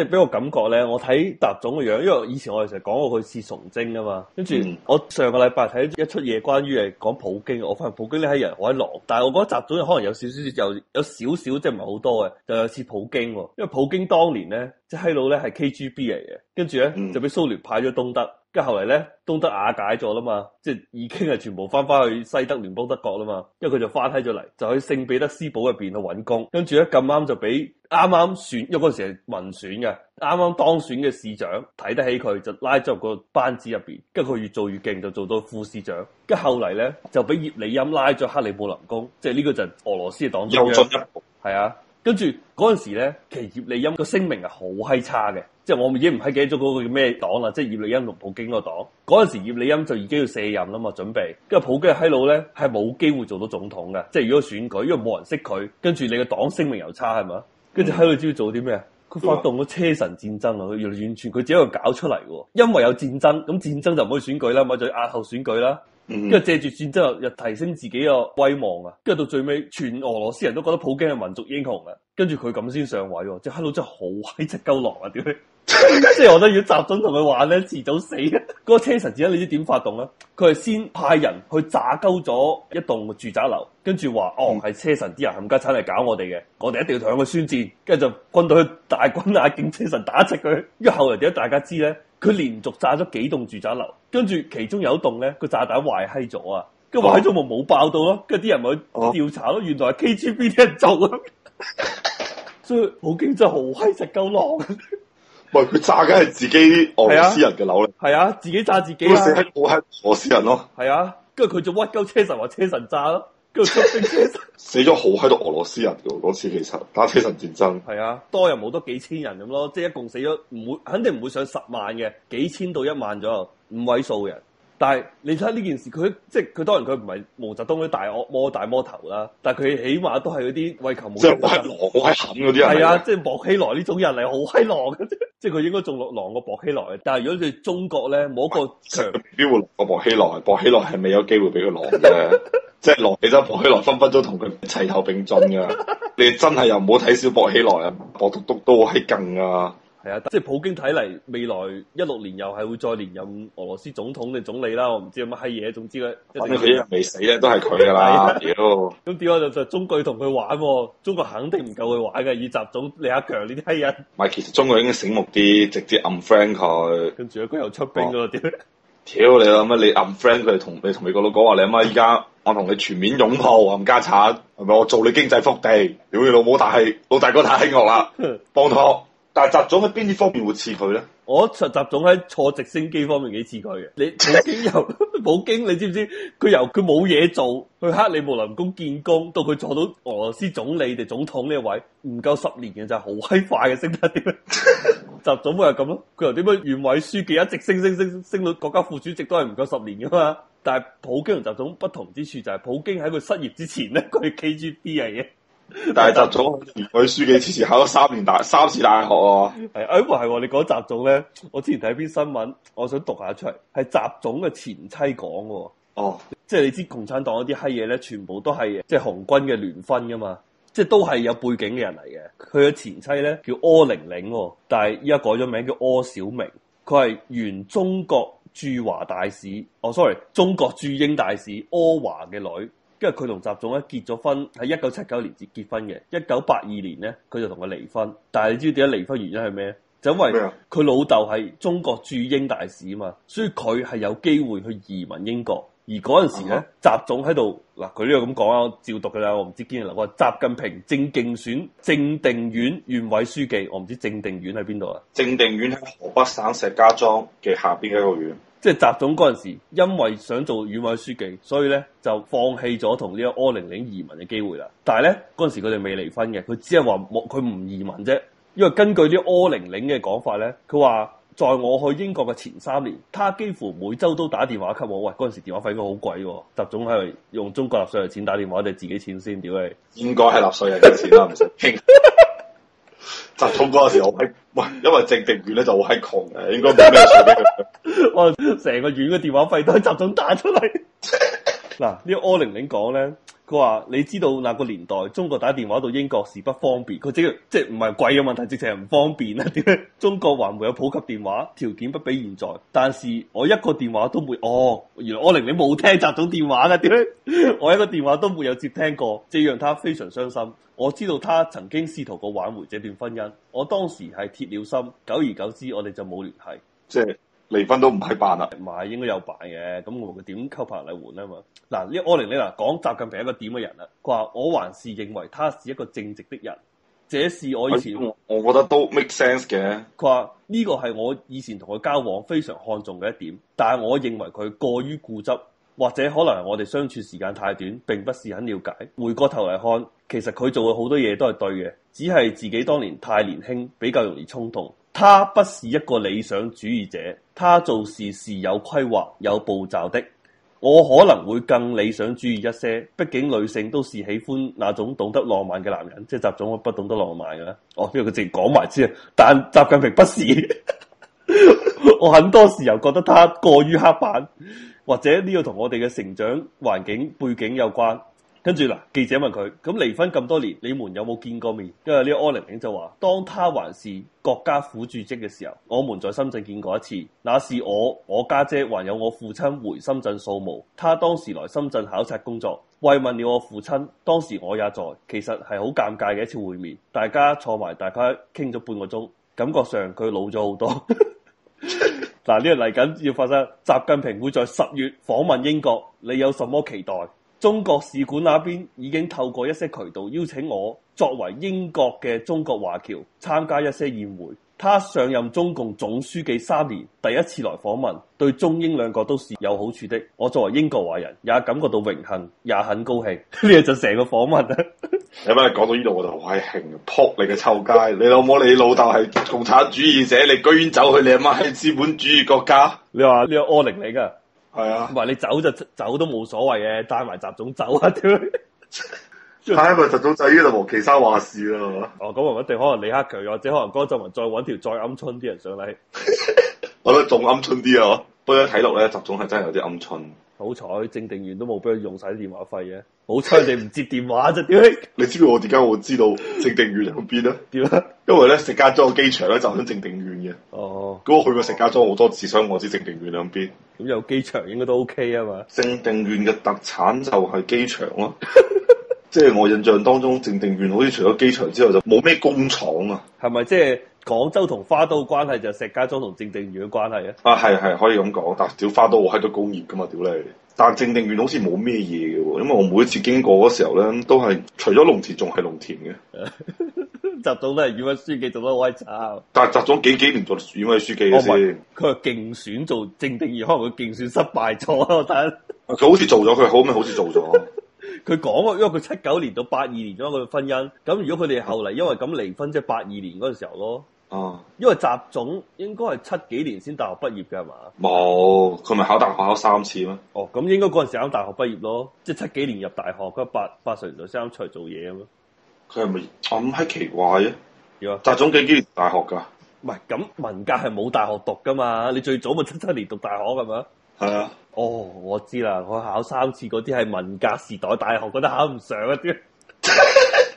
即係俾我感覺咧，我睇習總嘅樣，因為以前我哋成日講過佢似崇禎啊嘛，跟住我上個禮拜睇一出嘢，關於係講普京，我發現普京咧喺人海浪，但係我覺得習總可能有少少，又有,有少少即係唔係好多嘅，就有似普京，因為普京當年咧，即係喺度咧係 KGB 嚟嘅，跟住咧就俾蘇聯派咗東德。咁後嚟咧，東德瓦解咗啦嘛，即係已經係全部翻翻去西德聯邦德國啦嘛。因為佢就翻喺咗嚟，就去聖彼得斯堡入邊去搵工。跟住咧咁啱就俾啱啱選，因為嗰陣時係民選嘅，啱啱當選嘅市長睇得起佢，就拉咗入個班子入邊。跟住佢越做越勁，就做到副市長。跟後嚟咧就俾葉利欽拉咗克里姆林宮，即係呢個就係俄羅斯嘅黨中央，係啊。跟住嗰陣時咧，其實葉利欽個聲明係好閪差嘅，即係我已經唔閪記得咗嗰個叫咩黨啦，即係葉利欽同普京個黨。嗰陣時葉利欽就已經要卸任啦嘛，準備。跟住普京喺度咧係冇機會做到總統嘅，即係如果選舉，因為冇人識佢，跟住你個黨聲明又差，係咪？跟住喺度知要做啲咩啊？佢發動咗車臣戰爭啊！佢完完全佢自己搞出嚟喎，因為有戰爭咁戰爭就唔可以選舉啦，咪就押後選舉啦。跟住、嗯、哼借住戰爭又提升自己個威望啊，跟住到最尾全俄羅斯人都覺得普京係民族英雄啊，跟住佢咁先上位喎，即係黑佬真係好閪直鳩落啊，屌你！ 即跟住我都要集中同佢玩咧，遲早死。嗰 個車臣仔你知點發動啦？佢係先派人去炸鳩咗一棟住宅樓，跟住話哦係車臣啲人冚家鏟嚟搞我哋嘅，我哋一定要同佢宣戰。跟住就軍隊，去大軍啊，警車臣打直佢。因為後來點解大家知咧，佢連續炸咗幾棟住宅樓，跟住其中有一棟咧個炸彈壞閪咗啊，跟住壞閪咗咪冇爆到咯。跟住啲人咪去調查咯，原來 KGB 啲人做啊。 所以普京真係好閪實鳩狼。喂，佢炸緊係自己俄羅斯斯人嘅樓咧，係啊，啊，自己炸自己、啊、死喺好喺俄、啊、 俄羅斯人咯，係啊，跟住佢做屈鳩車臣話車臣炸咯，跟住死車臣，死咗好喺度俄羅斯人噶，嗰次其實打車臣戰爭，係啊，多又冇多幾千人咁咯，即係一共死咗唔會，肯定唔會上十萬嘅，幾千到一萬左右，五位數人。但係你睇下呢件事，佢即係佢當然佢唔係毛澤東嗰啲大惡魔大魔頭啦，但係佢起碼都係嗰啲為求冇即係威狼威冚嗰啲人，係啊，即係薄熙來呢種人係好閪狼嘅啫，即係佢應該仲落狼過薄熙來。但係如果係中國咧，冇一個長機會過薄熙來，薄熙來係未有機會俾佢狼嘅，即係狼你睇薄熙來分分鐘同佢齊頭並進噶，你真係又唔好睇小薄熙來啊，博督督都係勁啊！係啊，即係普京睇嚟，未來一六年又係會再連任俄羅斯總統定總理啦。我唔知有乜閪嘢，總之咧，反正佢啲人未死咧，哦、都係佢噶啦。咁點啊？就就是、中國同佢玩、啊，中國肯定唔夠佢玩嘅。以習總、李阿強呢啲閪人，唔係其實中國應該醒目啲，直接暗、no、friend 佢。跟住佢又出兵咯，點屌你啦，乜、哦哎、你暗 friend 佢？同 你同美國佬講話你阿媽依家，我同你全面擁抱啊，冚家產，係咪？我做你經濟腹地，屌你老母！但係老大哥太惡啦，幫拖。幫 但係習總喺邊啲方面會似佢咧？我覺得習總喺坐直升機方面幾似佢嘅。你普京由普京，你知唔知？佢由佢冇嘢做，去克里姆林宮見工，到佢坐到俄羅斯總理定總統呢位，唔夠十年嘅就係好閪快嘅升得。習 總咪係咁咯？佢由點樣？縣委書記一直升升升升到國家副主席都係唔夠十年噶嘛？但係普京同習總不同之處就係、是、普京喺佢失業之前咧，佢係 K G B 嚟嘅。 但係習總，佢書記之前考咗三年大，三次大學啊。係、哎，哎，係、哎哎，你講習總咧，我之前睇一篇新聞，我想讀下出嚟，係習總嘅前妻講嘅。哦，即係你知共產黨嗰啲閪嘢咧，全部都係即係紅軍嘅聯婚噶嘛，即係都係有背景嘅人嚟嘅。佢嘅前妻咧叫柯玲玲，但係依家改咗名叫柯小明。佢係原中國駐華大使，哦，sorry，中國駐英大使柯華嘅女。因為佢同習總咧結咗婚，喺一九七九年結結婚嘅，一九八二年咧佢就同佢離婚，但係你知唔知點解離婚原因係咩？就因為佢老豆係中國駐英大使啊嘛，所以佢係有機會去移民英國，而嗰陣時咧、嗯、哼習總喺度，嗱佢呢樣咁講啊，我照讀噶啦，我唔知堅嗱，我話習近平正競選正定縣縣委書記，我唔知正定縣喺邊度啊？正定縣喺河北省石家莊嘅下邊一個縣。即係習總嗰陣時，因為想做縣委書記，所以咧就放棄咗同呢個柯玲玲移民嘅機會啦。但係咧嗰陣時佢哋未離婚嘅，佢只係話冇佢唔移民啫。因為根據啲柯玲玲嘅講法咧，佢話在我去英國嘅前三年，他幾乎每週都打電話給我。喂，嗰陣時電話費應該好貴喎。習總係用中國納稅嘅錢打電話定係自己錢先屌你？應該係納稅人嘅錢啦，唔使傾。習總嗰陣時我。喂，因為正定縣咧就好閪窮嘅，應該冇咩事。我成 個縣嘅電話費都集中打出嚟。嗱，呢個柯玲玲講咧。佢話：你知道那個年代，中國打電話到英國不不是，是不方便。佢只即係唔係貴嘅問題，直情係唔方便啊！點中國還沒有普及電話，條件不比現在。但是我一個電話都沒，哦，原來我連你冇聽習總電話嘅點 我一個電話都沒有接聽過，這讓他非常傷心。我知道他曾經試圖過挽回這段婚姻，我當時係鐵了心。久而久之，我哋就冇聯繫。即離婚都唔係辦啊，買應該有辦嘅。咁我點溝拍嚟換啊嘛？嗱，呢阿玲咧嗱，講習近平一個點嘅人啊。佢話：我還是認為他是一個正直的人，這是我以前、哎、我，我覺得都 make sense 嘅。佢話呢個係我以前同佢交往非常看重嘅一點，但係我認為佢過於固執，或者可能我哋相處時間太短，並不是很了解。回過頭嚟看，其實佢做嘅好多嘢都係對嘅，只係自己當年太年輕，比較容易衝動。他不是一個理想主義者。他做事是有規劃、有步驟的。我可能會更理想主義一些，畢竟女性都是喜歡那種懂得浪漫嘅男人，即係習總我不懂得浪漫嘅咧。哦，因為佢直情講埋先，啊，但習近平不是。 我很多時候覺得他過於刻板，或者呢個同我哋嘅成長環境背景有關。跟住嗱，記者問佢：咁離婚咁多年，你們有冇見過面？因為呢柯玲玲就話：當他還是國家副主席嘅時候，我們在深圳見過一次。那是我我家姐，姐還有我父親回深圳掃墓，他當時來深圳考察工作，慰問了我父親。當時我也在，其實係好尷尬嘅一次會面，大家坐埋大概傾咗半個鐘，感覺上佢老咗好多。嗱，呢個嚟緊要發生，習近平會在十月訪問英國，你有什麼期待？中國使館那邊已經透過一些渠道邀請我作為英國嘅中國華僑參加一些宴會。他上任中共總書記三年第一次來訪問，對中英兩國都是有好處的。我作為英國華人也感覺到榮幸，也很高興。呢 個就成個訪問啊！你翻嚟講到呢度我就好開心，扑你個臭街！ 你老母你老豆係共產主義者，你居然走去你阿媽係資本主義國家？你話你個柯寧嚟噶？係是啊，唔係你走就走都冇所謂嘅，帶埋習總走啊點啊？睇下個習總仔依家就黃岐山話事啊。係嘛？哦，咁我哋可能李克強，或者可能江澤民，再搵條再鵪鶉啲人上嚟。 我覺得仲鵪鶉啲啊，不過一睇落咧，習總係真係有啲鵪鶉。好彩正定員，都完都冇俾佢用晒啲電話費嘅。好彩你唔接電話啫！屌你，你知唔知我而家我知道正定縣喺邊啊？屌，因為咧石家莊嘅機場咧就響正定縣嘅。哦，咁我去過石家莊好多次，所以我知正定縣兩邊。咁有機場應該都 OK 啊嘛。正定縣嘅特產就係機場咯，即係 我印象當中正定縣好似除咗機場之外就冇咩工廠啊。係咪即係廣州同花都關係就係石家莊同正定縣嘅關係啊？啊，係係可以咁講，但係屌花都我喺度工業噶嘛，屌你。但正定縣好似冇咩嘢嘅，因為我每次經過嗰時候咧，都係除咗農田仲係農田嘅，習總都係縣委書記做得好威。但係習總幾幾年做縣委書記先？佢係競選做正定縣，可能佢競選失敗咗，但佢 好似做咗，佢好咩？好似做咗。佢講啊，因為佢七九年到八二年咗佢個婚姻，咁如果佢哋後嚟因為咁離婚，即係八二年嗰個時候咯。哦，因為習總應該係七幾年先大學畢業嘅係嘛？冇，佢咪考大學考三次咩？哦，咁應該嗰陣時啱大學畢業咯，即係七幾年入大學，佢八八十年代先啱出嚟做嘢啊嘛。佢係咪咁閪奇怪啊？而家習總幾幾年大學噶？唔係咁，文革係冇大學讀噶嘛？你最早咪七七年讀大學噶嘛？係啊。哦，我知啦，佢考三次嗰啲係文革時代大學，覺得考唔上一啲。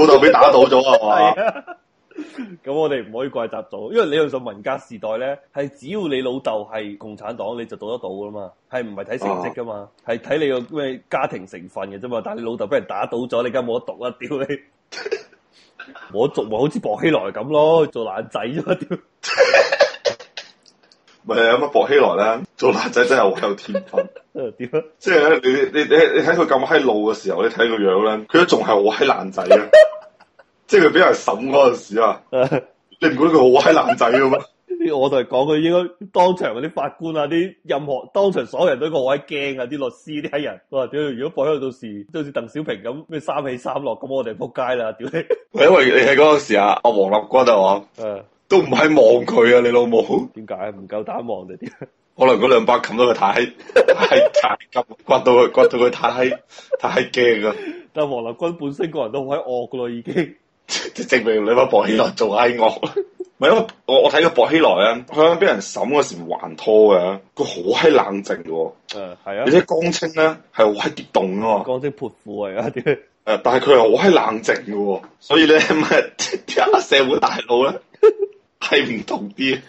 老豆俾打倒咗 啊，係嘛？咁我哋唔可以怪習導，因為理論上，文革時代咧，係只要你老豆係共產黨，你就讀得到噶嘛，係唔係睇成績噶嘛，係睇、啊、你個咩家庭成分嘅啫嘛。但係你老豆俾人打倒咗，你而家冇得讀啊！屌你，我讀 好似薄熙來咁咯，做爛仔啫嘛？屌，咪有乜薄熙來啦？做男仔真係好有天分， 嗯、點樣即係咧，你你你你睇佢咁閪老嘅時候，你睇個樣咧，佢都仲係好閪男仔啊！ 即係佢俾人審嗰陣時啊， 你唔覺得佢好閪男仔嘅咩？ 我就係講佢應該當場嗰啲法官啊，啲任何當場所有人都個位驚啊！啲律師啲閪人話屌，如果放喺度到時，就好似鄧小平咁咩三起三落，咁我哋撲街啦！屌你，因為你喺嗰個時啊，阿黃立軍係嘛？嗯，都唔係望佢啊，你老母點解唔夠膽望啊？ 可能嗰兩百冚到佢太太太急，刮到佢，刮到佢太太驚啊！但王立軍本身個人都好閪惡噶咯，已經，即 證明你把薄熙來做閪惡， 唔係因為我，我我睇過薄熙來、嗯、啊，佢喺俾人審嗰時還拖噶，佢好閪冷靜嘅，誒係啊，而且江青咧係好閪激動噶，江青潑婦嚟噶，誒，但係佢係好閪冷靜嘅，所以咧，咩聽個社會大佬咧係唔同啲。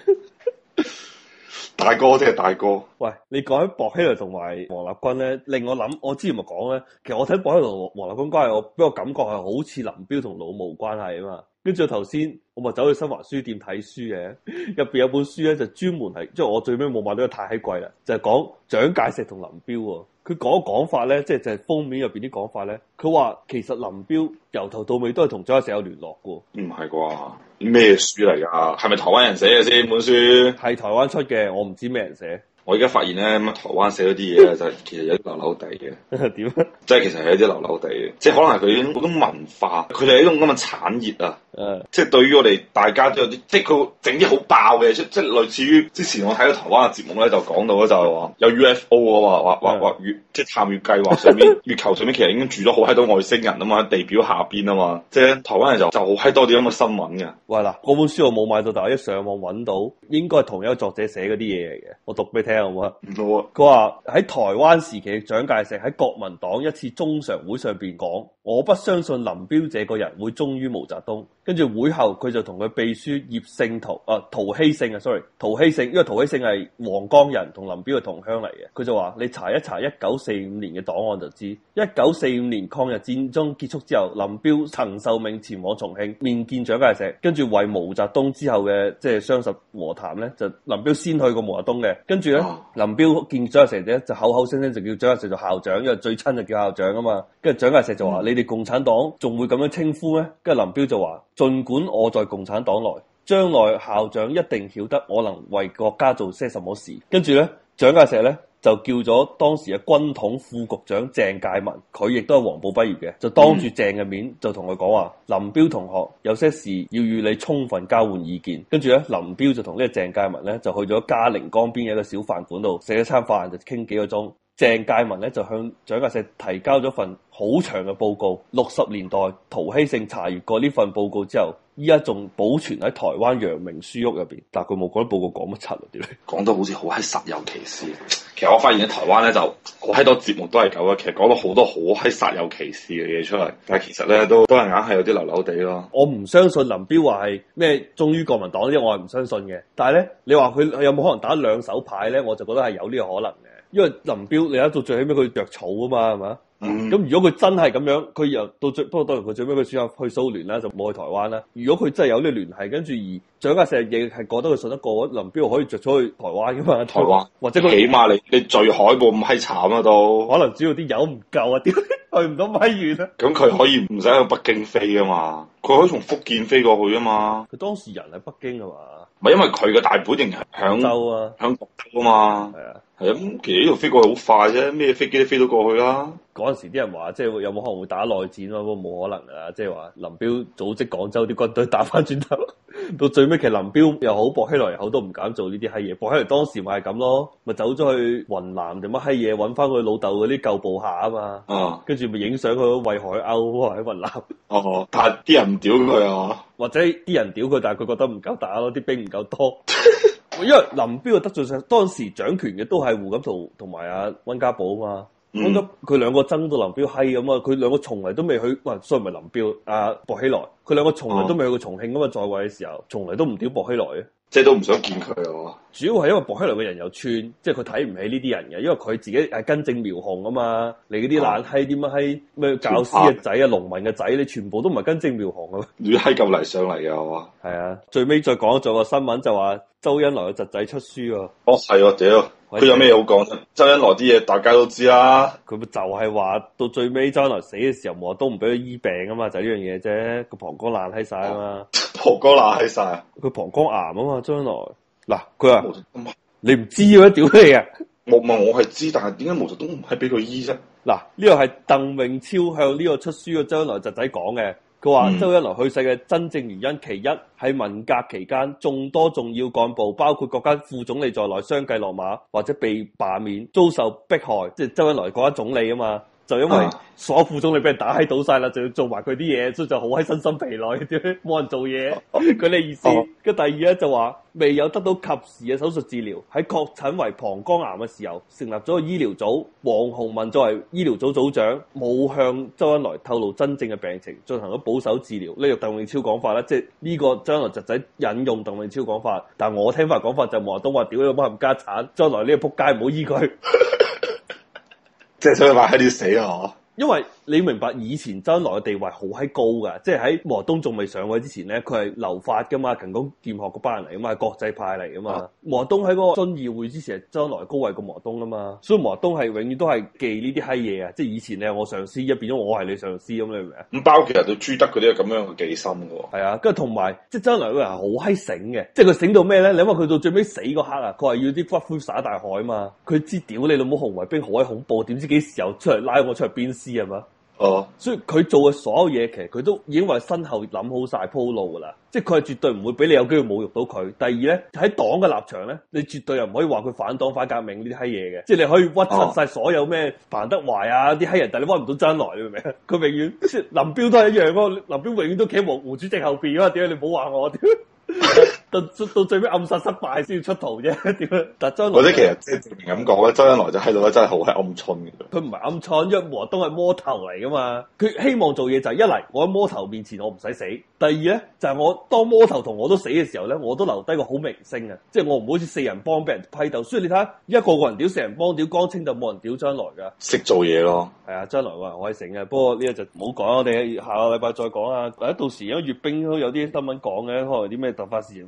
大哥即係大哥。喂，你講緊薄熙來同埋王立軍咧，令我諗，我之前咪講咧，其實我睇薄熙來同王立軍關係，我俾我感覺係好似林彪同老毛關係啊嘛。跟住頭先，我咪走去新華書店睇書嘅，入 邊有本書咧就專門係，即係我最尾冇買到，個太貴啦，就係講蔣介石同林彪喎。佢嗰個講法咧，即係就係封面入邊啲講法咧，佢話其實林彪由頭到尾都係同蔣介石有聯絡噶。唔係啩？咩書嚟噶？係咪台灣人寫嘅先？本書係台灣出嘅，我唔知咩人寫。我而家發現咧，咁啊台灣寫嗰啲嘢就其實有啲流流地嘅。點 樣？即係其實係有啲流流地嘅，即係可能係佢嗰種文化，佢哋係一種咁嘅產業啊。誒、嗯，即係對於我哋大家都有啲，即係佢整啲好爆嘅，即係類似於之前我睇到台灣嘅節目咧，就講到咧就係話有 UFO 啊，話話話話月，即係探月計劃上面月球上面其實已經住咗好喺多外星人啊嘛，地表下邊啊嘛，即係台灣人就就好喺多啲咁嘅新聞嘅。係啦，嗰本書我冇買到，但係一上網搵到，應該係同一個作者寫嗰啲嘢嚟嘅。我讀俾你聽好唔好啊？唔好啊。佢話喺台灣時期，蔣介石喺國民黨一次中常會上邊講：，我不相信林彪這個人會忠於毛澤東。跟住會後，佢就同佢秘書葉聖陶啊陶希聖啊，sorry 陶希聖，因為陶希聖係黃江人，同林彪嘅同鄉嚟嘅。佢就話：你查一查一九四五年嘅檔案就知。一九四五年抗日戰爭結束之後，林彪曾受命前往重慶面見蔣介石，跟住為毛澤東之後嘅即係雙十和談咧，就係、林彪先去過毛澤東嘅。跟住咧，啊、林彪見蔣介石咧，就口口聲聲就叫蔣介石做校長，因為最親就叫校長啊嘛。跟住蔣介石就話：嗯、你哋共產黨仲會咁樣稱呼咩？跟住林彪就話。儘管我在共產黨內，將來校長一定曉得我能為國家做些什麼事。跟住咧，蔣介石咧就叫咗當時嘅軍統副局長鄭介民，佢亦都係黃埔畢業嘅，就當住鄭嘅面就同佢講話：嗯、林彪同學，有些事要與你充分交換意見。跟住咧，林彪就同呢個鄭介民咧就去咗嘉陵江邊一個小飯館度食一餐飯，就傾幾個鐘。鄭介民咧就向蔣介石提交咗份好長嘅報告。六十年代陶希聖查閱過呢份報告之後，依家仲保存喺台灣陽明書屋入邊。但係佢冇講啲報告講乜七啊？點解講得好似好閪實有其事？其實我發現喺台灣咧，就好多節目都係咁嘅。其實講咗好多好閪實有其事嘅嘢出嚟，但係其實咧都都係硬係有啲流流地咯。我唔相信林彪話係咩忠於國民黨，啲，我係唔相信嘅。但係咧，你話佢有冇可能打兩手牌咧？我就覺得係有呢個可能嘅。因為林彪，你睇到最起碼佢著草啊嘛，係嘛？咁、mm hmm. 如果佢真係咁樣，佢又到最不過當然佢最尾佢選擇去蘇聯啦，就冇去台灣啦。如果佢真係有呢個聯繫，跟住而。蔣介石亦係覺得佢信得過林彪可以着咗去台灣噶嘛，台灣或者起碼你你聚海報唔係慘啊都。可能只要啲油唔夠啊，點去唔到米遠啊。咁佢可以唔使去北京飛啊嘛，佢可以從福建飛過去啊嘛。佢當時人喺北京啊嘛。唔係因為佢嘅大本營喺廣州啊，喺廣州啊嘛。係啊。係咁、啊，其實呢度飛過去好快啫，咩飛機都飛到過去啦。嗰陣時啲人話即係有冇可能會打內戰咯？冇可能啊！即係話林彪組織廣州啲軍隊打翻轉頭到最。咩？其實林彪又好，薄熙來，又好都唔敢做呢啲閪嘢。薄熙來當時咪係咁咯，咪走咗去雲南定乜閪嘢，搵翻佢老豆嗰啲舊部下嘛啊嘛、啊。啊，跟住咪影相佢餵海鷗喺雲南。哦，但係啲人唔屌佢啊，或者啲人屌佢，但係佢覺得唔夠打咯，啲兵唔夠多。 因為林彪得罪上當時掌權嘅都係胡錦濤同埋阿溫家寶啊嘛。我覺得佢兩個爭到林彪閪咁啊！佢兩個從嚟都未去，唔係雖然唔係林彪，啊，薄熙來，佢兩個從嚟都未去過重慶咁啊，在位嘅時候，從嚟都唔屌薄熙來嘅。即係都唔想見佢啊！主要係因為薄熙來嘅人又串，即係佢睇唔起呢啲人嘅，因為佢自己係根正苗紅啊嘛，你嗰啲爛閪、啲乜閪咩教師嘅仔啊、農民嘅仔，你全部都唔係根正苗紅啊嘛！亂閪咁嚟上嚟嘅係嘛？係啊，最尾再講咗個新聞，就話周恩來嘅侄仔出書、哦、啊！哦，係啊，屌，佢有咩嘢好講？周恩來啲嘢大家都知啦、啊，佢、啊、就係話到最尾周恩來死嘅時候，都唔俾佢醫病啊嘛，就呢樣嘢啫，個膀胱爛閪曬啊嘛。 膀胱爛晒，啊，佢膀胱癌啊嘛！周恩來嗱，佢話毛澤東，你唔知嘅屌咩啊？啊我咪我係知，但係點解毛澤東唔係俾佢醫啫？嗱，呢個係鄧穎超向呢個出書嘅周恩來侄仔講嘅，佢話周恩來去世嘅真正原因，其一喺文革期間眾多重要幹部，包括國家副總理在內，相繼落馬或者被罷免，遭受迫害，即係周恩來國家總理啊嘛。就因為所副總理俾人打閪倒晒啦，就要做埋佢啲嘢，所以就好閪身心疲累，啫。冇人做嘢。佢 哋意思。跟 第二咧就話，未有得到及時嘅手術治療，喺確診為膀胱癌嘅時候，成立咗個醫療組，黃鴻文作為醫療組組長，冇向周恩來透露真正嘅病情，進行咗保守治療。呢個鄧永超講法咧，即係呢個周恩來侄仔引用鄧永超講法，但我聽法講法就黃都話：，屌你冇冚家產，周恩來呢個仆街唔好依佢。 即係想話佢要死啊！因為。你明白以前周恩來嘅地位好閪高噶，即係喺毛東仲未上位之前咧，佢係留法噶嘛，勤工儉學個班嚟噶嘛，國際派嚟噶嘛。毛、啊、東喺個遵義會之前，周恩來高位過毛東噶嘛，所以毛東係永遠都係記呢啲閪嘢啊！即係以前你係我上司，一變咗我係你上司咁，你明唔明、哦、啊？咁包其實到朱德嗰啲咁樣嘅記心嘅喎，係啊，跟住同埋即係周恩來嗰個人好閪醒嘅，即係佢醒到咩咧？你話佢到最尾死嗰刻啊，佢話要啲骨灰撒大海啊嘛，佢知屌你老母紅衛兵好閪恐怖，點知幾時又出嚟拉我出嚟鞭屍啊嘛？哦，所以佢做嘅所有嘢，其實佢都已經為身後諗好晒鋪路噶啦，即係佢係絕對唔會俾你有機會侮辱到佢。第二咧，喺黨嘅立場咧，你絕對又唔可以話佢反黨反革命呢啲閪嘢嘅，即係你可以屈親晒所有咩彭德懷啊啲閪人，但係你屈唔到周恩來，你明唔明啊？佢永遠， 林彪都係一樣咯，林彪永遠都企喺毛毛主席後邊啊嘛？點解你唔好話我？點解？ 到最尾暗殺失敗先要出逃啫，點樣？但係周來，或者其實即係咁講咧，周恩來就喺度咧，真係好係暗瘡嘅。佢唔係暗瘡，因為何東係魔頭嚟噶嘛。佢希望做嘢就係、是、一嚟，我喺魔頭面前我唔使死；第二咧就係、是、我當魔頭同我都死嘅時候咧，我都留低個好名聲啊！即、就、係、是、我唔好似四人幫俾人批鬥。所以你睇，下，一個個人屌四人幫屌江青就冇人屌周來㗎。識做嘢咯，係啊，周來話我係醒嘅。不過呢個就唔好講，我哋下個禮拜再講啊。或者到時因為閲兵都有啲新聞講嘅，可能啲咩突發事件。